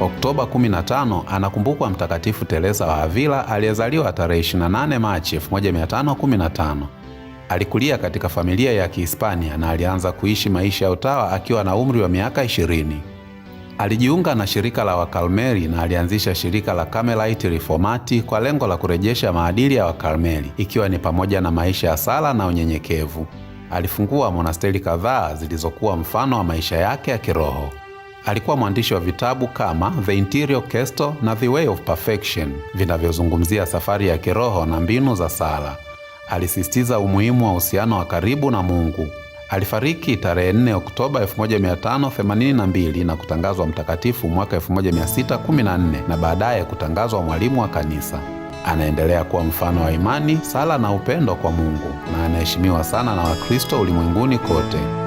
Oktoba 15 anakumbukwa Mtakatifu Teresa wa Avila aliyezaliwa tarehe 28 Machi 1515. Alikulia katika familia ya Kihispania na alianza kuishi maisha ya utawa akiwa na umri wa miaka 20. Alijiunga na shirika la Wakalmeri na alianzisha shirika la Carmelite Reformati kwa lengo la kurejesha maadili ya Wakalmeri, ikiwa ni pamoja na maisha ya sala na unyenyekevu. Alifungua monasteri kadhaa zilizokuwa mfano wa maisha yake ya kiroho. Alikuwa mwandishi wa vitabu kama The Interior Castle na The Way of Perfection vinavyozungumzia safari ya kiroho na mbinu za sala. Alisisitiza umuhimu wa uhusiano wa karibu na Mungu. Alifariki tarehe 4 Oktoba 1582 na kutangazwa mtakatifu mwaka 1614 na baadaye kutangazwa mwalimu wa kanisa. Anaendelea kuwa mfano wa imani, sala na upendo kwa Mungu na anaheshimiwa sana na Wakristo ulimwenguni kote.